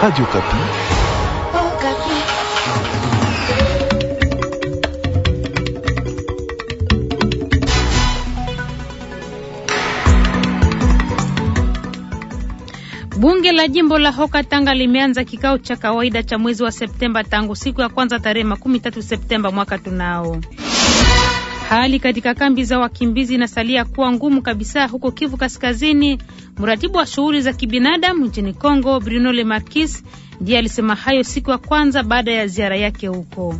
Radio Okapi. Oh, Bunge la jimbo la Hoka Tanga limeanza kikao cha kawaida cha mwezi wa Septemba tangu siku ya kwanza tarehe 13 Septemba mwaka tunao Hali katika kambi za wakimbizi inasalia kuwa ngumu kabisa huko Kivu Kaskazini. Mratibu wa shughuli za kibinadamu nchini Kongo, Bruno Le Marquis, ndiye alisema hayo siku ya kwanza baada ya ziara yake huko.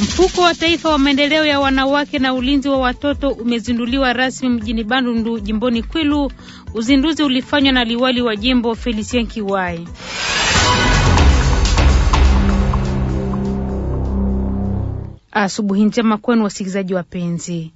Mfuko wa Taifa wa maendeleo ya wanawake na ulinzi wa watoto umezinduliwa rasmi mjini Bandundu, jimboni Kwilu. Uzinduzi ulifanywa na liwali wa jimbo Felicien Kiwai. Asubuhi njema kwenu wasikilizaji wapenzi.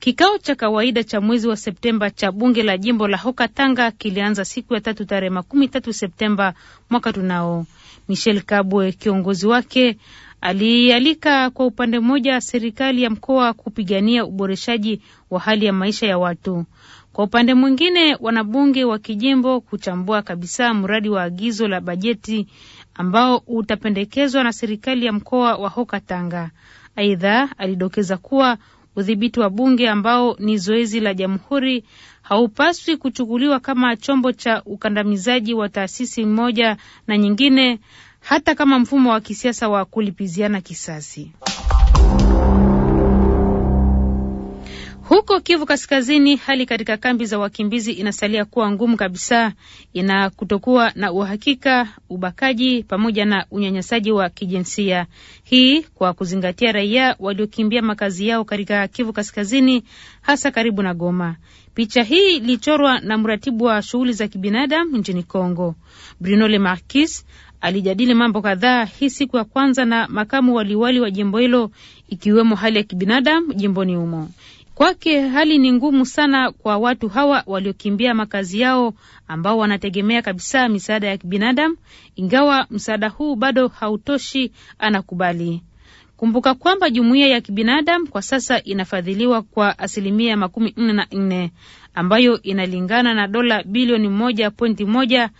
Kikao cha kawaida cha mwezi wa Septemba cha bunge la jimbo la Hoka Tanga kilianza siku ya tatu tarehe makumi tatu Septemba mwaka tunao. Michel Kabwe, kiongozi wake, alialika kwa upande mmoja serikali ya mkoa kupigania uboreshaji wa hali ya maisha ya watu, kwa upande mwingine wanabunge wa kijimbo kuchambua kabisa mradi wa agizo la bajeti ambao utapendekezwa na serikali ya mkoa wa Hoka Tanga. Aidha, alidokeza kuwa udhibiti wa bunge ambao ni zoezi la jamhuri haupaswi kuchukuliwa kama chombo cha ukandamizaji wa taasisi moja na nyingine, hata kama mfumo wa kisiasa wa kulipiziana kisasi. Kivu Kaskazini, hali katika kambi za wakimbizi inasalia kuwa ngumu kabisa, ina kutokuwa na uhakika, ubakaji pamoja na unyanyasaji wa kijinsia. Hii kwa kuzingatia raia waliokimbia makazi yao katika Kivu Kaskazini, hasa karibu na Goma. Picha hii ilichorwa na mratibu wa shughuli za kibinadamu nchini congo Bruno Le Marquis alijadili mambo kadhaa hii siku ya kwanza na makamu waliwali wa jimbo hilo, ikiwemo hali ya kibinadamu jimboni humo. Kwake hali ni ngumu sana kwa watu hawa waliokimbia makazi yao ambao wanategemea kabisa misaada ya kibinadamu, ingawa msaada huu bado hautoshi, anakubali. Kumbuka kwamba jumuiya ya kibinadamu kwa sasa inafadhiliwa kwa asilimia makumi nne na nne ambayo inalingana na dola bilioni moja pointi moja,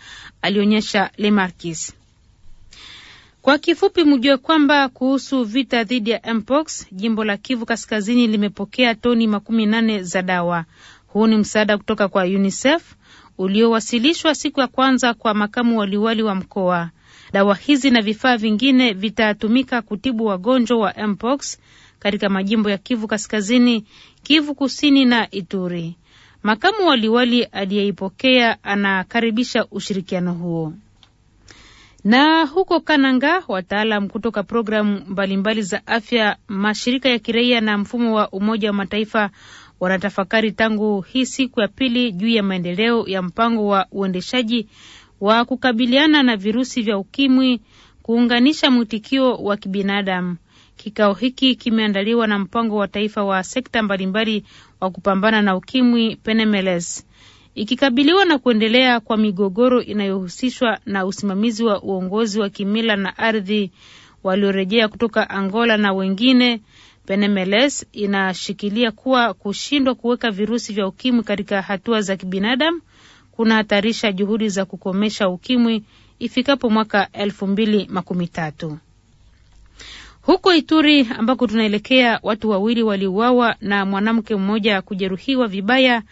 alionyesha Lemarkis. Kwa kifupi, mjue kwamba kuhusu vita dhidi ya mpox, jimbo la Kivu Kaskazini limepokea toni makumi nane za dawa. Huu ni msaada kutoka kwa UNICEF uliowasilishwa siku ya kwanza kwa makamu waliwali wa mkoa. Dawa hizi na vifaa vingine vitatumika kutibu wagonjwa wa mpox katika majimbo ya Kivu Kaskazini, Kivu Kusini na Ituri. Makamu waliwali aliyeipokea anakaribisha ushirikiano huo. Na huko Kananga, wataalam kutoka programu mbalimbali za afya, mashirika ya kiraia na mfumo wa Umoja wa Mataifa wanatafakari tangu hii siku ya pili juu ya maendeleo ya mpango wa uendeshaji wa kukabiliana na virusi vya ukimwi kuunganisha mwitikio wa kibinadamu. Kikao hiki kimeandaliwa na mpango wa taifa wa sekta mbalimbali wa kupambana na ukimwi Penemeles ikikabiliwa na kuendelea kwa migogoro inayohusishwa na usimamizi wa uongozi wa kimila na ardhi. Waliorejea kutoka Angola na wengine, Penemeles inashikilia kuwa kushindwa kuweka virusi vya ukimwi katika hatua za kibinadamu kunahatarisha juhudi za kukomesha ukimwi ifikapo mwaka elfu mbili makumi tatu. Huko Ituri ambako tunaelekea, watu wawili waliuawa na mwanamke mmoja kujeruhiwa vibaya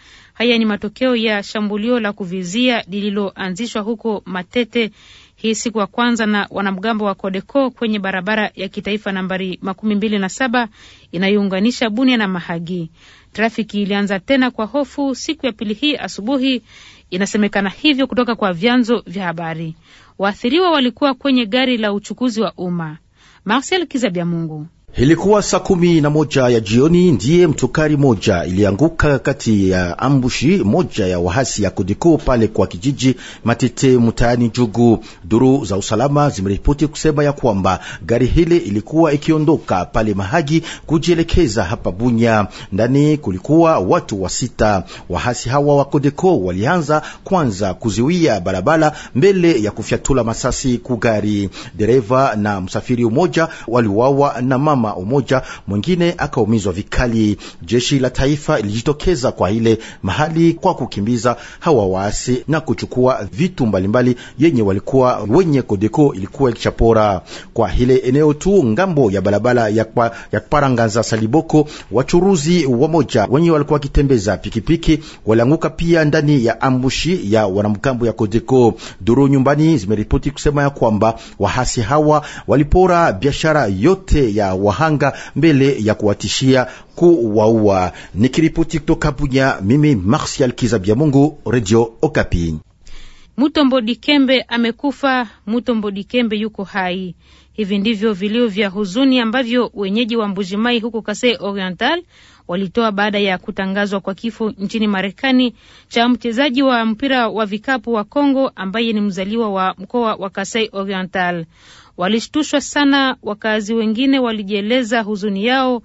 Haya ni matokeo ya shambulio la kuvizia lililoanzishwa huko Matete hii siku ya kwanza na wanamgambo wa kodeko kwenye barabara ya kitaifa nambari makumi mbili na saba inayounganisha Bunia na Mahagi. Trafiki ilianza tena kwa hofu siku ya pili hii asubuhi, inasemekana hivyo kutoka kwa vyanzo vya habari. Waathiriwa walikuwa kwenye gari la uchukuzi wa umma. Marcel Kizabiamungu. Ilikuwa saa kumi na moja ya jioni ndiye mtukari moja ilianguka kati ya ambushi moja ya wahasi ya Kodeko pale kwa kijiji Matete mtaani Jugu. Duru za usalama zimeripoti kusema ya kwamba gari hili ilikuwa ikiondoka pale Mahagi kujielekeza hapa Bunya. Ndani kulikuwa watu wa sita. Wahasi hawa wa Kodeko walianza kwanza kuziwia barabara mbele ya kufyatula masasi kugari. Dereva na msafiri mmoja waliuawa na mama mama umoja, mwingine akaumizwa vikali. Jeshi la taifa lilijitokeza kwa ile mahali kwa kukimbiza hawa waasi na kuchukua vitu mbalimbali yenye walikuwa wenye Kodeko ilikuwa ikichapora kwa ile eneo tu ngambo ya barabara ya, kwa, ya Parangaza Saliboko. Wachuruzi wamoja wenye walikuwa wakitembeza pikipiki walianguka pia ndani ya ambushi ya wanamgambo ya Kodeko. Duru nyumbani zimeripoti kusema ya kwamba wahasi hawa walipora biashara yote ya wa wahanga mbele ya kuwatishia kuwaua. Nikiripoti kutoka Bunya, mimi Marsial Kizabia Mungu, Radio Okapi. Mutombo Dikembe amekufa. Mutombo Dikembe yuko hai. Hivi ndivyo vilio vya huzuni ambavyo wenyeji wa Mbujimai huko Kasai Oriental walitoa baada ya kutangazwa kwa kifo nchini Marekani cha mchezaji wa mpira wa vikapu wa Kongo ambaye ni mzaliwa wa mkoa wa Kasai Oriental walishtushwa sana. Wakazi wengine walijieleza huzuni yao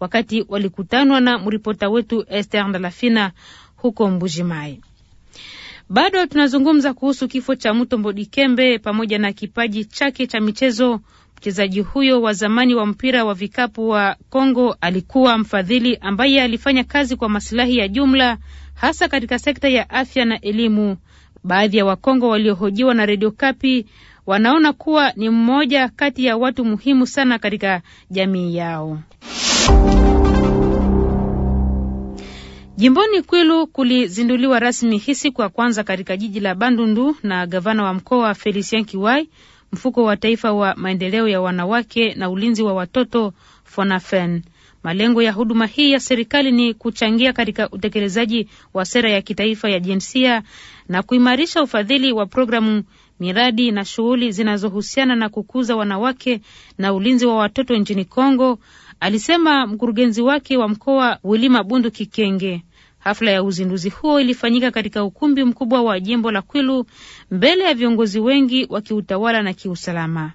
wakati walikutanwa na mripota wetu Esther Ndalafina huko Mbujimai. Bado tunazungumza kuhusu kifo cha mto mbodikembe pamoja na kipaji chake cha michezo. Mchezaji huyo wa zamani wa mpira wa vikapu wa Kongo alikuwa mfadhili ambaye alifanya kazi kwa masilahi ya jumla, hasa katika sekta ya afya na elimu. Baadhi ya Wakongo waliohojiwa na redio Kapi wanaona kuwa ni mmoja kati ya watu muhimu sana katika jamii yao. Jimboni Kwilu kulizinduliwa rasmi hii siku ya kwanza katika jiji la Bandundu na gavana wa mkoa Felicien Kiwai mfuko wa taifa wa maendeleo ya wanawake na ulinzi wa watoto Fonafen. Malengo ya huduma hii ya serikali ni kuchangia katika utekelezaji wa sera ya kitaifa ya jinsia na kuimarisha ufadhili wa programu miradi na shughuli zinazohusiana na kukuza wanawake na ulinzi wa watoto nchini Kongo, alisema mkurugenzi wake wa mkoa Wilima Bundu Kikenge. Hafla ya uzinduzi huo ilifanyika katika ukumbi mkubwa wa jimbo la Kwilu mbele ya viongozi wengi wa kiutawala na kiusalama.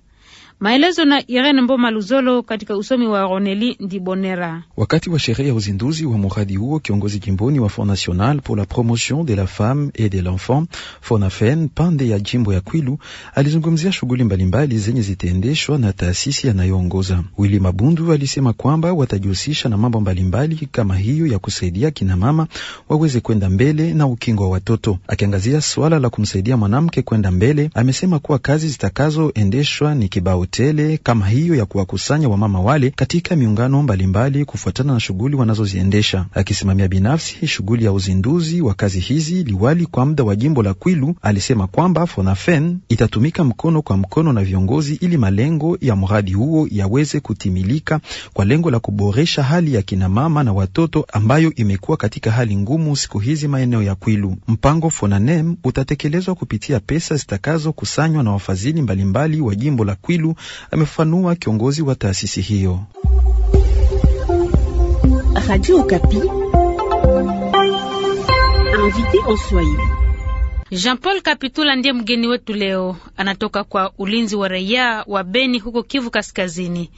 Maelezo na Irene Mboma Luzolo katika usomi wa Roneli Ndibonera. Wakati wa sherehe ya uzinduzi wa muradi huo, kiongozi jimboni wa Fond National pour la Promotion de la Femme et de l'Enfant FONAFEN pande ya jimbo ya Kwilu alizungumzia shughuli mbalimbali zenye zitaendeshwa na taasisi yanayoongoza. Willy Mabundu alisema kwamba watajihusisha na mambo mbalimbali kama hiyo ya kusaidia kinamama waweze kwenda mbele na ukingo wa watoto. Akiangazia swala la kumsaidia mwanamke kwenda mbele, amesema kuwa kazi zitakazoendeshwa ni kibao tele kama hiyo ya kuwakusanya wamama wale katika miungano mbalimbali kufuatana na shughuli wanazoziendesha. Akisimamia binafsi shughuli ya uzinduzi wa kazi hizi, liwali kwa muda wa jimbo la Kwilu alisema kwamba FONAFEN itatumika mkono kwa mkono na viongozi ili malengo ya mradi huo yaweze kutimilika kwa lengo la kuboresha hali ya kinamama na watoto ambayo imekuwa katika hali ngumu siku hizi maeneo ya Kwilu. Mpango FONANEM utatekelezwa kupitia pesa zitakazokusanywa na wafadhili mbalimbali wa jimbo la Kwilu amefafanua kiongozi wa taasisi hiyo. Jean Paul Kapitula ndiye mgeni wetu leo. Anatoka kwa ulinzi wa raia wa Beni huko Kivu Kaskazini.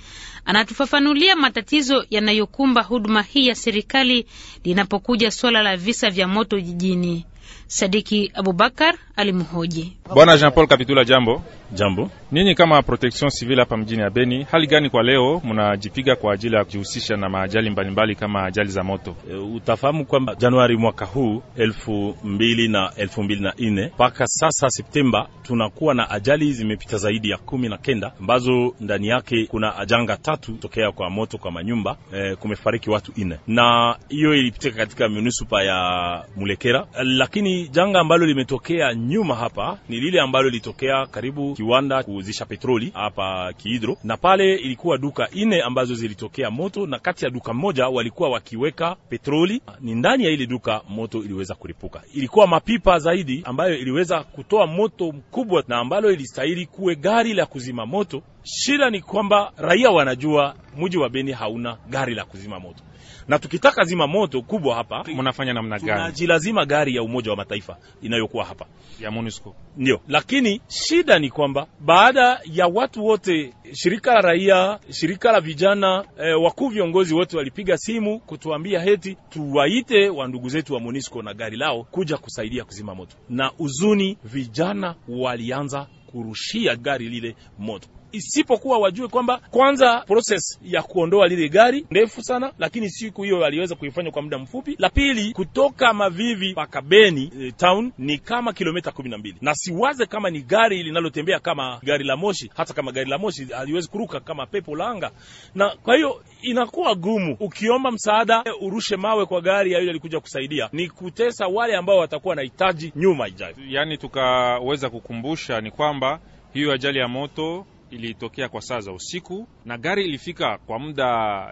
Anatufafanulia matatizo yanayokumba huduma hii ya serikali linapokuja swala la visa vya moto jijini. Sadiki Abubakar alimhoji. Bwana Jean Paul Kapitula, jambo. Jambo. nini kama protection civile hapa mjini ya Beni, hali gani kwa leo mnajipiga kwa ajili ya kujihusisha na maajali mbalimbali kama ajali za moto? E, utafahamu kwamba Januari mwaka huu elfu mbili na elfu mbili na nne mpaka sasa Septemba tunakuwa na ajali zimepita zaidi ya kumi na kenda ambazo ndani yake kuna ajanga tatu tokea kwa moto kwa manyumba. E, kumefariki watu nne na hiyo ilipitika katika munisipa ya Mulekera, lakini janga ambalo limetokea nyuma hapa ni ni lile ambalo ilitokea karibu kiwanda kuuzisha petroli hapa Kihidro, na pale ilikuwa duka ine ambazo zilitokea moto, na kati ya duka moja walikuwa wakiweka petroli. Ni ndani ya ile duka moto iliweza kuripuka. Ilikuwa mapipa zaidi ambayo iliweza kutoa moto mkubwa, na ambalo ilistahili kuwe gari la kuzima moto Shida ni kwamba raia wanajua mji wa Beni hauna gari la kuzima moto, na tukitaka zima moto kubwa hapa mnafanya namna gani? Tunajilazima gari ya Umoja wa Mataifa inayokuwa hapa ya MONUSCO, ndio. Lakini shida ni kwamba baada ya watu wote, shirika la raia, shirika la vijana, e, wakuu viongozi wote walipiga simu kutuambia heti tuwaite wandugu zetu wa MONUSCO na gari lao kuja kusaidia kuzima moto, na uzuni vijana walianza kurushia gari lile moto isipokuwa wajue kwamba kwanza, proses ya kuondoa lile gari ndefu sana, lakini siku hiyo aliweza kuifanya kwa muda mfupi. La pili, kutoka Mavivi mpaka Beni e, town ni kama kilomita kumi na mbili, na siwaze kama ni gari linalotembea kama gari la moshi. Hata kama gari la moshi aliwezi kuruka kama pepo langa na kwa hiyo inakuwa gumu ukiomba msaada urushe mawe kwa gari ya yule alikuja kusaidia, ni kutesa wale ambao watakuwa nahitaji nyuma ijayo. Yani tukaweza kukumbusha ni kwamba hiyo ajali ya moto ilitokea kwa saa za usiku, na gari ilifika kwa muda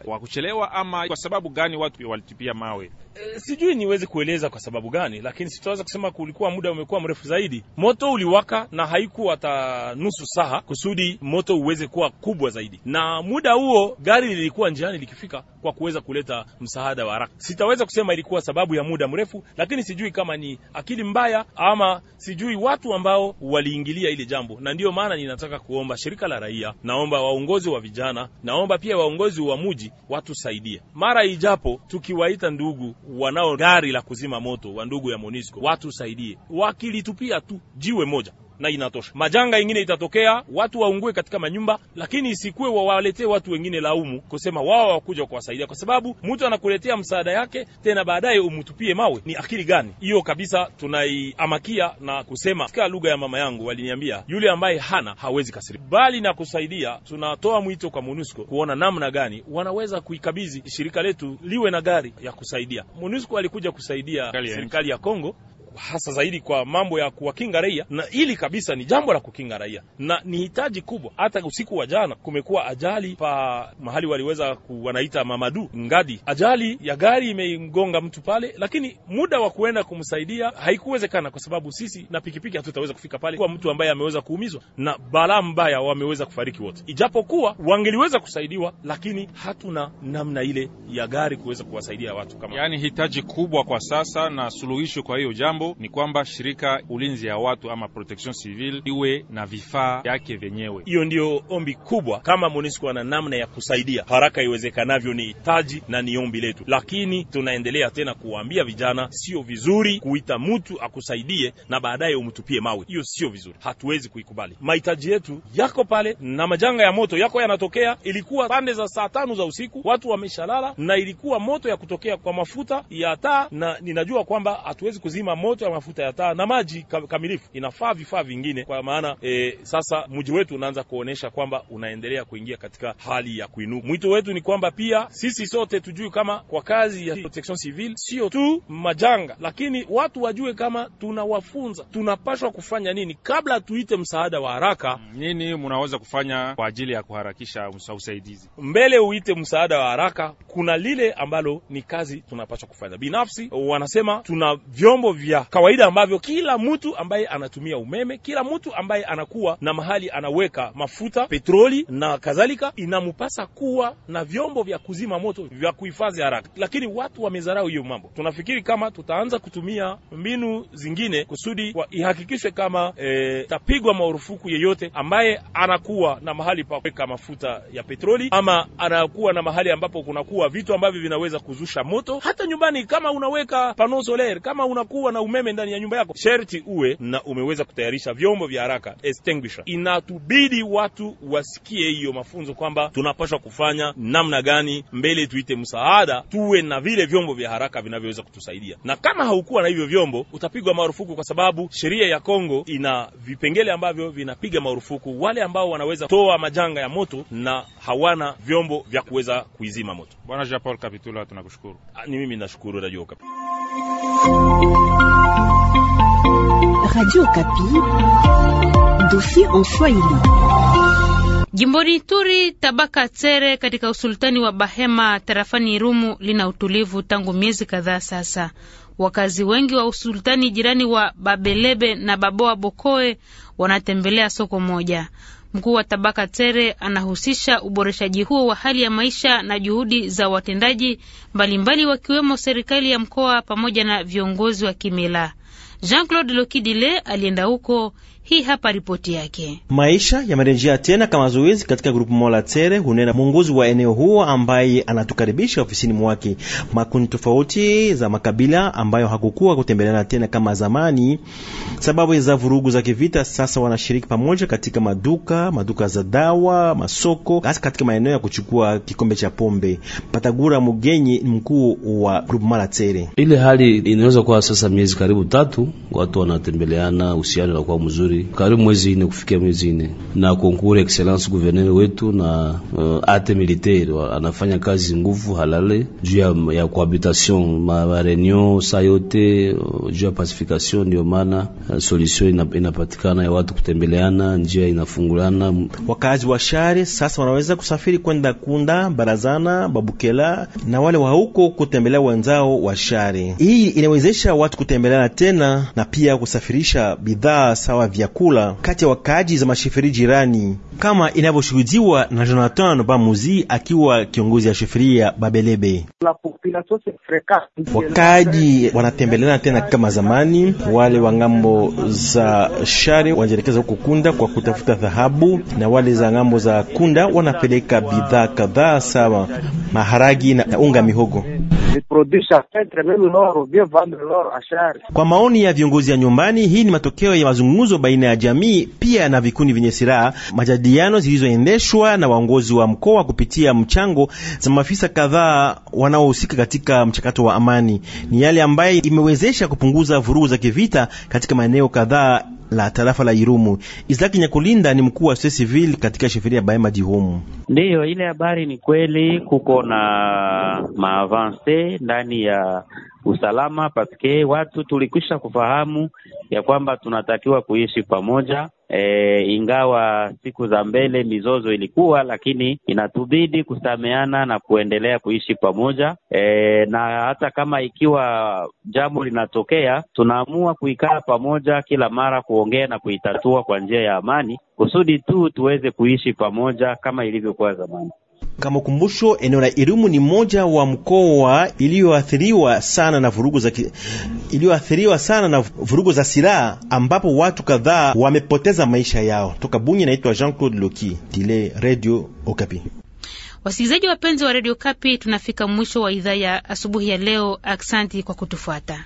wa kuchelewa, ama kwa sababu gani watu walitupia mawe? E, sijui niweze kueleza kwa sababu gani, lakini sitaweza kusema kulikuwa muda umekuwa mrefu zaidi. Moto uliwaka na haikuwa hata nusu saa kusudi moto uweze kuwa kubwa zaidi, na muda huo gari lilikuwa njiani likifika kwa kuweza kuleta msaada wa haraka. Sitaweza kusema ilikuwa sababu ya muda mrefu, lakini sijui kama ni akili mbaya ama sijui watu ambao waliingilia ile jambo, na ndiyo maana ninataka kuomba shirika la raia, naomba waongozi wa vijana, naomba pia waongozi wa muji watusaidie mara ijapo, tukiwaita ndugu wanao gari la kuzima moto wa ndugu ya Monisco watusaidie, wakilitupia tu jiwe moja na inatosha. Majanga ingine itatokea, watu waungue katika manyumba, lakini isikuwe wawaletee watu wengine laumu kusema wao wakuja kuwasaidia, kwa sababu mtu anakuletea msaada yake tena baadaye umtupie mawe. Ni akili gani hiyo? Kabisa tunaiamakia na kusema katika lugha ya mama yangu, waliniambia yule ambaye hana hawezi kasiri, Bali na kusaidia, tunatoa mwito kwa MONUSCO kuona namna gani wanaweza kuikabidhi shirika letu liwe na gari ya kusaidia. MONUSCO alikuja kusaidia serikali ya Kongo hasa zaidi kwa mambo ya kuwakinga raia, na ili kabisa ni jambo la kukinga raia na ni hitaji kubwa. Hata usiku wa jana kumekuwa ajali pa mahali waliweza wanaita Mamadu Ngadi, ajali ya gari imemgonga mtu pale, lakini muda wa kuenda kumsaidia haikuwezekana kwa sababu sisi na pikipiki hatutaweza kufika pale kwa mtu ambaye ameweza kuumizwa na balaa mbaya, wameweza kufariki wote, ijapokuwa wangeliweza kusaidiwa, lakini hatuna namna ile ya gari kuweza kuwasaidia watu kama. Yani hitaji kubwa kwa sasa na suluhisho kwa hiyo jambo jambo ni kwamba shirika ulinzi ya watu ama protection civil iwe na vifaa yake vyenyewe. Hiyo ndio ombi kubwa, kama MONUSCO na namna ya kusaidia haraka iwezekanavyo ni hitaji na ni ombi letu, lakini tunaendelea tena kuwaambia vijana, sio vizuri kuita mtu akusaidie na baadaye umtupie mawe. Hiyo sio vizuri, hatuwezi kuikubali. Mahitaji yetu yako pale na majanga ya moto yako yanatokea. Ilikuwa pande za saa tano za usiku watu wameshalala, na ilikuwa moto ya kutokea kwa mafuta ya taa, na ninajua kwamba hatuwezi kuzima moto moto ya mafuta ya taa na maji kamilifu, inafaa vifaa vingine, kwa maana e, sasa mji wetu unaanza kuonesha kwamba unaendelea kuingia katika hali ya kuinuka. Mwito wetu ni kwamba pia sisi sote tujue kama kwa kazi ya protection civil sio tu majanga, lakini watu wajue kama tunawafunza, tunapashwa kufanya nini kabla tuite msaada wa haraka. Mm, nini mnaweza kufanya kwa ajili ya kuharakisha usaidizi mbele uite msaada wa haraka? Kuna lile ambalo ni kazi tunapashwa kufanya binafsi. Wanasema tuna vyombo vya kawaida ambavyo kila mtu ambaye anatumia umeme, kila mtu ambaye anakuwa na mahali anaweka mafuta, petroli na kadhalika, inamupasa kuwa na vyombo vya kuzima moto vya kuhifadhi haraka, lakini watu wamezarau hiyo mambo. Tunafikiri kama tutaanza kutumia mbinu zingine kusudi ihakikishwe kama e, tapigwa marufuku yeyote ambaye anakuwa na mahali pa kuweka mafuta ya petroli ama anakuwa na mahali ambapo kunakuwa vitu ambavyo vinaweza kuzusha moto. Hata nyumbani kama unaweka pano solaire, kama unakuwa na umeme umeme ndani ya nyumba yako, sherti uwe na umeweza kutayarisha vyombo vya haraka extinguisher. Inatubidi watu wasikie hiyo mafunzo kwamba tunapaswa kufanya namna gani mbele, tuite msaada, tuwe na vile vyombo vya haraka vinavyoweza kutusaidia, na kama haukuwa na hivyo vyombo utapigwa marufuku, kwa sababu sheria ya Kongo ina vipengele ambavyo vinapiga marufuku wale ambao wanaweza toa majanga ya moto na hawana vyombo vya kuweza kuizima moto. Bwana Jean Paul Kapitula, tunakushukuru. Ni mimi nashukuru Radio Kapitula. Radio Kapi, dosi en Swahili. Jimboni turi tabaka Tere katika usultani wa Bahema tarafani Irumu lina utulivu tangu miezi kadhaa sasa. Wakazi wengi wa usultani jirani wa Babelebe na Baboa Bokoe wanatembelea soko moja. Mkuu wa tabaka Tere anahusisha uboreshaji huo wa hali ya maisha na juhudi za watendaji mbalimbali, wakiwemo serikali ya mkoa pamoja na viongozi wa kimila. Jean-Claude Lokidile alienda huko hii hapa ripoti yake. Maisha yamerejea tena kama zoezi katika grupu Mola Tere, hunena muongozi wa eneo huo ambaye anatukaribisha ofisini mwake. Makundi tofauti za makabila ambayo hakukuwa kutembeleana tena kama zamani sababu za vurugu za kivita, sasa wanashiriki pamoja katika maduka, maduka za dawa, masoko, hasa katika maeneo ya kuchukua kikombe cha pombe. Patagura Mugenyi ni mkuu wa grupu Mola Tere. Ile hali inaweza kuwa sasa miezi karibu tatu, watu wanatembeleana, uhusiano unakuwa mzuri vizuri karibu mwezi nne kufikia mwezi ine na konkuru excellence gouverneur wetu na uh, ate militaire anafanya kazi nguvu halale juu ya, ya cohabitation ma reunion yote juu ya pacification. Ndio maana uh, solution ina, inapatikana ya watu kutembeleana, njia inafungulana. Wakazi wa shari sasa wanaweza kusafiri kwenda Kunda, Barazana, Babukela na wale wa huko kutembelea wenzao wa shari. Hii inawezesha watu kutembeleana tena na pia kusafirisha bidhaa sawa vya vyakula kati ya wakaaji za masheferi jirani, kama inavyoshuhudiwa na Jonathan Bamuzi akiwa kiongozi ya sheferi ya Babelebe. Wakaaji wanatembeleana tena kama zamani, wale wa ngambo za shari wanajielekeza huko Kunda kwa kutafuta dhahabu, na wale za ngambo za Kunda wanapeleka bidhaa kadhaa sawa maharagi na unga mihogo kwa maoni ya viongozi ya nyumbani, hii ni matokeo ya mazungumzo baina baina ya jamii pia na vikundi vyenye silaha, majadiliano zilizoendeshwa na waongozi wa mkoa kupitia mchango za maafisa kadhaa wanaohusika katika mchakato wa amani, ni yale ambaye imewezesha kupunguza vurugu za kivita katika maeneo kadhaa la tarafa la Irumu. Isaki Nyakulinda ni mkuu wa civil katika sheferi ya Bahema Jihomu. Ndiyo, ile habari ni kweli, kuko na maavanse ndani ya usalama, paske watu tulikwisha kufahamu ya kwamba tunatakiwa kuishi pamoja E, ingawa siku za mbele mizozo ilikuwa, lakini inatubidi kusameana na kuendelea kuishi pamoja. E, na hata kama ikiwa jambo linatokea, tunaamua kuikaa pamoja kila mara kuongea na kuitatua kwa njia ya amani, kusudi tu tuweze kuishi pamoja kama ilivyokuwa zamani. Kama kumbusho, eneo la Irumu ni moja wa mkoa iliyoathiriwa sana na vurugu za iliyoathiriwa sana na vurugu za silaha ambapo watu kadhaa wamepoteza maisha yao. Toka Bunye, naitwa Jean-Claude Loki Tile, Radio Okapi. Wasikilizaji wapenzi wa Radio Kapi, tunafika mwisho wa idhaa ya asubuhi ya leo. Aksanti kwa kutufuata.